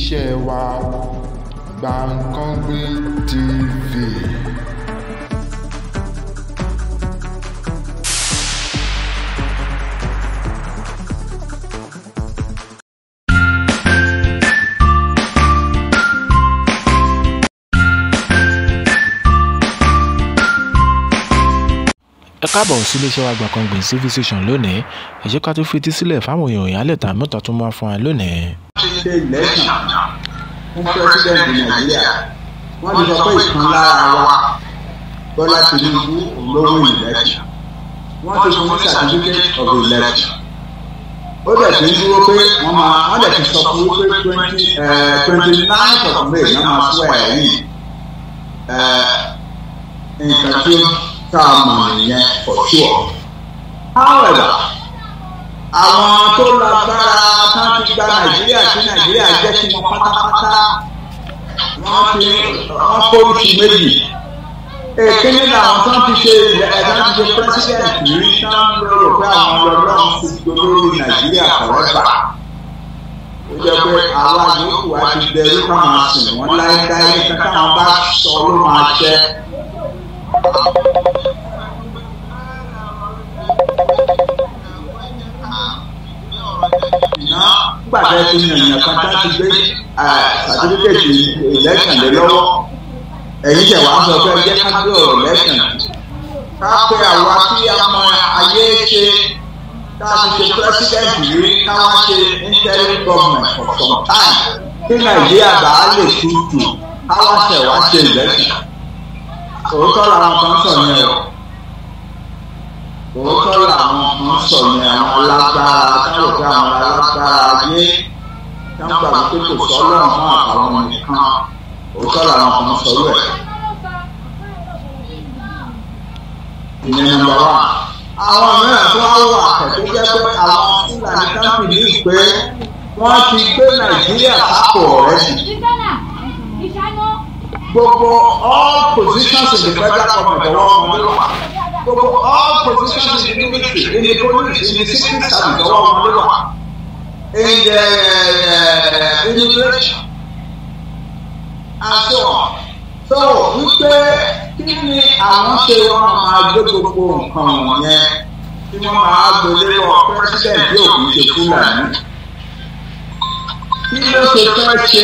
iṣẹ́ wa Gbankanbi TV. ẹ káàbọ̀ sí iléeṣẹ́ wa Gbankanbi TV station lónìí ẹ jẹ́ ká tó fetí sílẹ̀ fáwọn èèyàn ìyálẹ̀ta mẹ́ta tó máa fún wa lónìí ṣe ìlẹ́sàn fún pẹ́sidẹ̀ntì nàìjíríà wọ́n ti sọ pé ìkan lára wa bọ́lá tinubu lówó ìlẹ́sàn wọ́n ti fún certificate of election ó dẹ̀ ti ń dúró pé wọ́n máa wọ́n dẹ̀ ti sọ fún pé twenty twenty eh, eh, nine of may náà máa fún ẹ̀ yìí eh, nǹkan tí tá a mọ̀ nìyẹn for sure however àwọn tó lágbára tán ti gba nàìjíríà tí nàìjíríà jẹ́ sí wọn pátápátá wọ́n fi wọ́n pólísì méjì èkéyìn làwọn tán ti ṣe ẹ̀dá ti rí tán lérò pé àwọn ọlọ́run ti dolórí nàìjíríà kọ̀wọ́ ó jẹ́ pé àwa yòókù wa ti bẹ̀rù káwọn sìn wọ́n láéláé kankan bá sọ ló máa jẹ́. gbàgbé tó yàn yàn kan láti gbé sàtífíkẹ́tì election lé lọ́wọ́ ẹ̀yin tẹ̀ wá sọ pé jẹ́ ká gbé ọ̀rọ̀ election ká pé àwa tí a mọ ayé ṣe ká ti ṣe president rí ká wá ṣe interim government for some kí nàìjíríà bá a lè tutù ká wá tẹ̀ wá ṣe election òótọ́ làwọn kan sọ yẹn o òótọ́ làwọn kan sọ ní àwọn alágbára táwọn àwọn alágbára ayé dáńgbà wípé kò sọ ọlọ́run àtàwọn nìkan òótọ́ làwọn kan sọ rẹ̀. ìyẹn nọ́mbà wà. àwọn mìíràn tó wá wà pẹ̀lú jẹ́ àwọn fúlàní káfí ní ìpè wọ́n ti gbé nàìjíríà sápò ọ̀rẹ́ sí. gbogbo all positions in the federal government ọwọ́ ló wà gbogbo all professions in the in the police in the civil service ọwọ́ wọn ló wà in the immigration uh, and so on so wípé kí ni àwọn ṣe wọn máa gbé gbogbo nǹkan wọ̀nyẹn tí wọ́n máa gbélé wọ president yóò fi ṣe fúlàní kí ló ṣe fẹ́ ṣe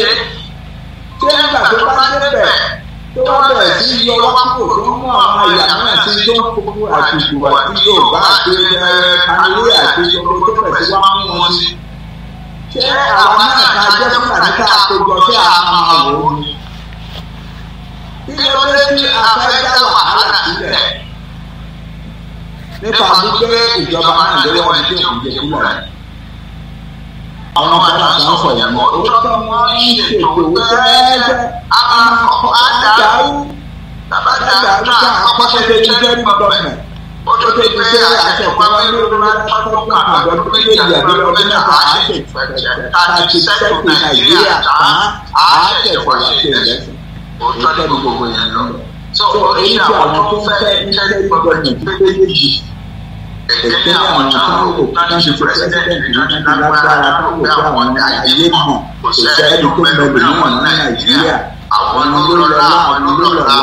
ṣé nígbà tó bá débẹ̀ tó wá bẹ̀rẹ̀ sí yọ wá kúrò tó mú àwọn àyà náà tí tó ń fowó àtìgbò àti yorùbá àti anáwó àti ọmọ tó bẹ̀rẹ̀ sí wá mú wọn sí. ṣé àwọn náà ká jẹ́ fúlàní ká àtòjọ sí àwọn àwòrán ni. kí ló dé tí a fẹ́ wàhálà sílẹ̀ nípa wípé ìjọba náà lọ́wọ́ ẹni tí òun jẹ fúlàní àwọn bàbá kan sọ̀yà mọ́ owó tó ń ṣètò pẹ́ẹ́pẹ́ àdàrú àdàrú ká àpapọ̀tẹ̀ ìjẹ́rì gọ́ọ̀mẹ̀ ó ti pé àṣẹ̀kọ́ wọn ló ń bá tọ́jú kàkà lọ́dún méjì àdúgbò mẹ́ta àṣẹ̀fẹ̀jẹ̀ tàbí nàìjíríà tán àṣẹ̀fẹ̀jẹ̀ lẹ́sìn ó tọ́jú gbogbo yẹn lọ. so oríṣi àwọn tó fẹ́ ìjẹ́rì gọ́ọ̀mẹ̀ ẹgbẹ́ àwọn táwọn táwọn ṣe pẹ́sidẹ́ntì náà lágbára táwọn pé àwọn ayé mọ̀ kò sẹ́ ẹni tó mẹ́lò níwọ̀n ní nàìjíríà àwọn ló lọ́la àwọn ló lọ́la.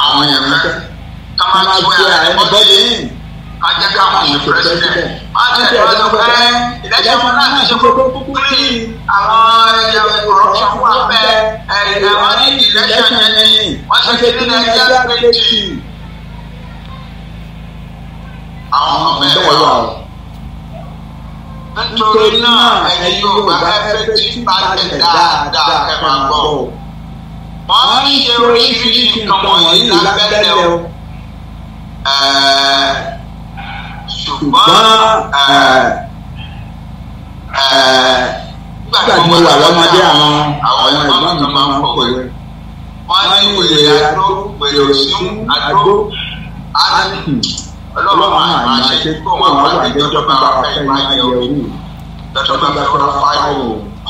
àwọn yẹn fẹ́ ká máa tún ẹ ẹnibọ́dé yìí ká jẹ́ ká ní pẹ́sidẹ́ntì. má jẹ́ ìrọ̀lẹ́ pẹ́ ìdájọ́ wọn náà ṣe kókó kúkú ní àwọn ẹ̀yà corruption wà bẹ́ẹ̀ ẹ̀yà wọn ní election yẹn wọ́n ṣe kí ní nàìjíríà àwọn bẹ́ẹ̀ wà o. nítorí náà ẹ̀yin Yorùbá ẹ fẹ́ tí balẹ̀ dáadáa ẹ máa gbọ́ o. wọ́n ń ṣe oríṣiríṣi nǹkan wọ̀nyí lábẹ́lẹ̀ o. ṣùgbọ́n nígbà tí mo wà lọ́mọdé àwọn àwọn ẹ̀gbọ́n mi máa ń kọ̀wé wọ́n ní wèrè àdó wèrè òsín àdó àdó ọlọ́run àìmọ̀ àṣẹ tó wọn wà lẹ́jọ́ tó bá wà fẹ́ máa yẹ òwú lọ́tọ́ bá bá fẹ́ fáyọ̀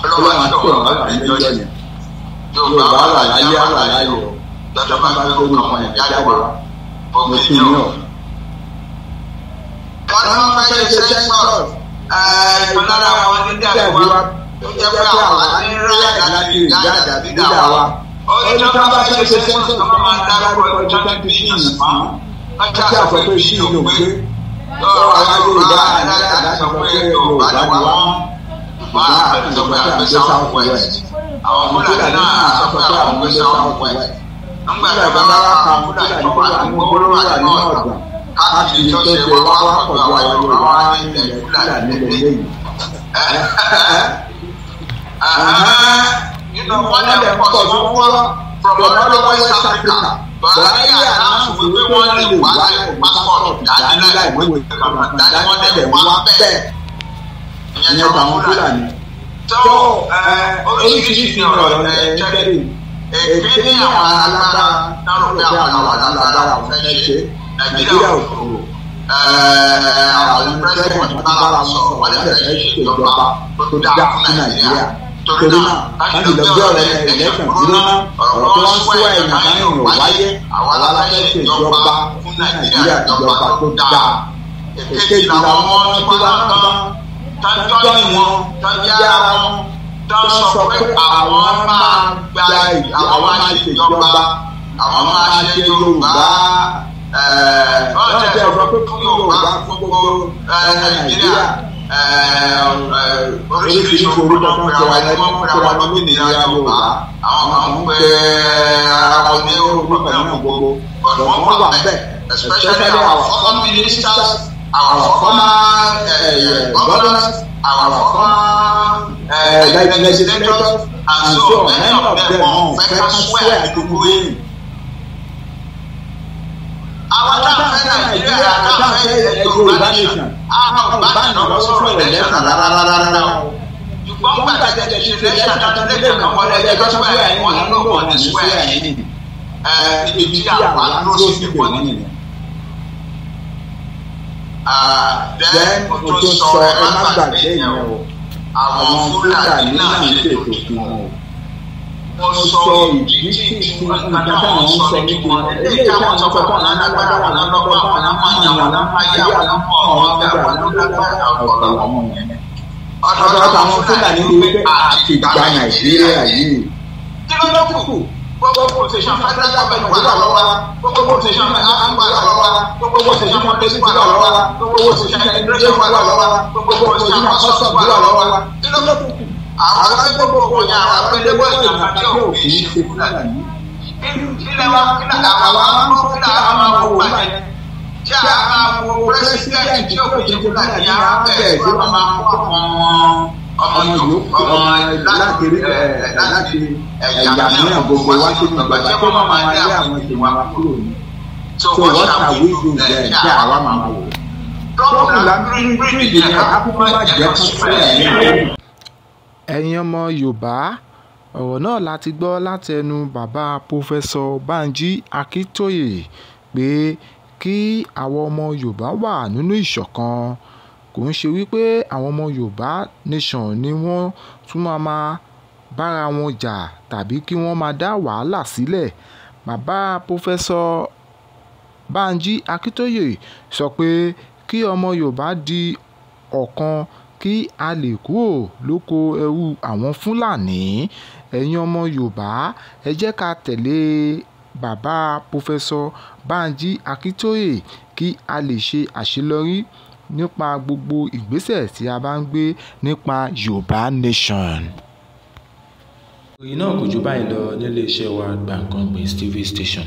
ọlọ́run àti ọ̀rọ̀ bá lẹ́jọ́ yẹn yóò bá wà láyé àwà láyò lọ́tọ́ bá bá gbógun ọmọ yẹn jáde wá gbogbo ìyẹn o. wọ́n ní wọ́n fẹ́ ṣe sẹ́ńtọ̀ ìpínlẹ̀ àwọn onídàá wa tó jẹ́ pé àwọn àti ńlá ìdájí ìdájà dídà wa ó ní wọ́n fẹ́ ṣe sẹ́ńtọ̀ kí àsọ pé sí ìlú pé lọ́rọ̀ àwọn Yorùbá àdáyàdá sọ pé Yorùbá ni wọ́n bá àpèjọ pé àgbẹ̀ South West àwọn Fúlàní náà sọ pé àwọn àgbẹ̀ South West nígbà tó bá wà kan Fúlàní tó wà ní gbogbo wà ní ọ̀gbà káàkiri tó ṣe wá wá pọ̀ àwọn Yorùbá wá ní ilẹ̀ Fúlàní lẹ́yìn. Nínú wọn lè pọ̀ sí wọn from Africa buhari àdáhùn wípé wọ́n lè wá láìpẹ́ pásítọ̀tù dání láìpẹ́ ìwé ìjọba dání wọ́n lè wá bẹ́ẹ̀ ìyẹn tàwọn fúlàní. tó oríṣiríṣi ọ̀rọ̀ ẹ̀ jẹ́rìí èké ní àwọn alágbára náà pé àwọn alágbára ò fẹ́ ṣe nàìjíríà ò kúrò àwọn pírẹsidẹ̀ntì bá wọn sọ̀rọ̀ wọ́n lè fẹ́ ṣe ìjọba tó dáa fún nàìjíríà torí náà láti lọ gbé ọ̀rọ̀ ẹ̀ ẹ̀lẹ́kàn dúró ná ọ̀rọ̀ tó ń sún ẹ̀yìn báyìí ò wáyé àwa la ìjọba fún nàìjíríà ìjọba tó dáa èkejì làwọn ọmọ náà bá tájọ́ ìwọ̀n wọn tó sọ pé àwọn máa gba àwọn máa àwọn máa ṣe yorùbá bọ́ọ̀dẹ̀ ọ̀rọ̀ pé fún yorùbá fún gbogbo nàìjíríà oríṣiríṣi orúkọ tó ń pè wá ní pé wá ní nìyá yorùbá àwọn kan ń pè àwọn ní orúkọ pẹ̀lú gbogbo ọ̀dọ̀ wọn wà bẹ́ẹ̀ especially our former ministers our former governors our former legislators and so many of them wọn fẹ́ ká swear gbogbo èyí. àwọn táwọn fẹ́ nàìjíríà táwọn fẹ́ yorùbá nation báyìí lọ sí fún ẹ̀rẹ̀ lẹ́fà rárá rárá rárá o. ṣùgbọ́n gbàgbé ti ṣe lẹ́sà tuntun lé mi àwọn ẹgbẹ́ tó sọ ẹ̀ wọ́n ń lò wọ́n ti sọ ẹ̀ yìí ibi tí àwọn ló sì fi wọ́n nìyẹn. bẹ́ẹ̀ o tó sọ wọn o wọ́n sọ ìdí tí nǹkan táwọn ń sọ ní tiwọn eléyìí táwọn sọ pé wọn lágbára wọn lọ́gbà wọn lámáyà wọn lámáyà wọn lọ́pọ̀ wọn gbà wọn lọ́gbàgbà wọn lọ́wọ́ ọ̀dọ̀ táwọn fúlà nínú wípé àti gbogbo quotation federal government wà lọ́wọ́ gbogbo quotation federal wà lọ́wọ́ gbogbo quotation police wà wà lọ́wọ́ gbogbo quotation custom wà àwọn alágbègbè ní àwọn agbẹlẹwọ ìlànà tí ò fi ṣe fúlàní. kílẹ̀ wa kílẹ̀ àwọn alágbègbè kílẹ̀ àwọn alágbègbè wà tí a máa wo tí ò fi ṣe fúlàní á bẹ̀rẹ̀ sí máa máa kó àwọn ọmọ yòókù ọmọ láti láti ẹ̀yà mìíràn gbogbo wá sínú ìjọba tí wọ́n máa lé àwọn ìṣèwà wa kúrò ní. so what are we doing tí àwa máa wò. tọ́kùnrin bíi bíi ìdílé akókó má jẹ́ fún fúlàní ẹ̀yin ọmọ yorùbá ọ̀rọ̀ náà la ti gbọ́ látẹnu bàbá pọ́fẹ́sọ banji akíntóyè pé kí àwọn ọmọ yorùbá wà nínú ìṣọ̀kan kò ń ṣe wípé àwọn ọmọ yorùbá nation ni wọ́n tún máa máa bára wọn jà tàbí kí wọ́n máa dá wàhálà sílẹ̀ bàbá pọ́fẹ́sọ banji akíntóyè sọ pé kí ọmọ yorùbá di ọ̀kan kí a lè kúrò lóko ẹrú àwọn Fúlàní ẹ̀yin ọmọ Yorùbá ẹ jẹ́ ká tẹ̀lé bàbá pọ́fẹ́sọ Bánjí Akíntóyè kí a lè ṣe àṣeyọrí nípa gbogbo ìgbésẹ̀ tí a bá ń gbé nípa Yorùbá Nation. ìròyìn náà kò jù báyìí lọ nílé iṣẹ́ wa Gbankanbi TV station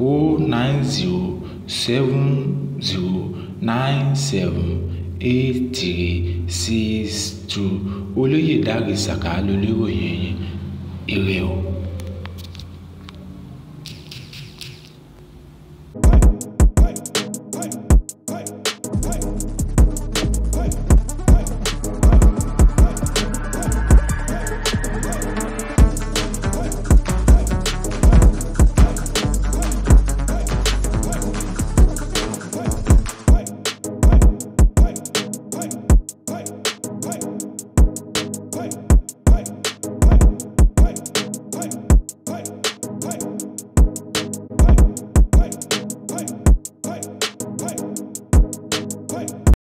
O nine nine zero zero seven seven eight three six 09070978362 olóyè dáre ṣáká lolùròyìn ire o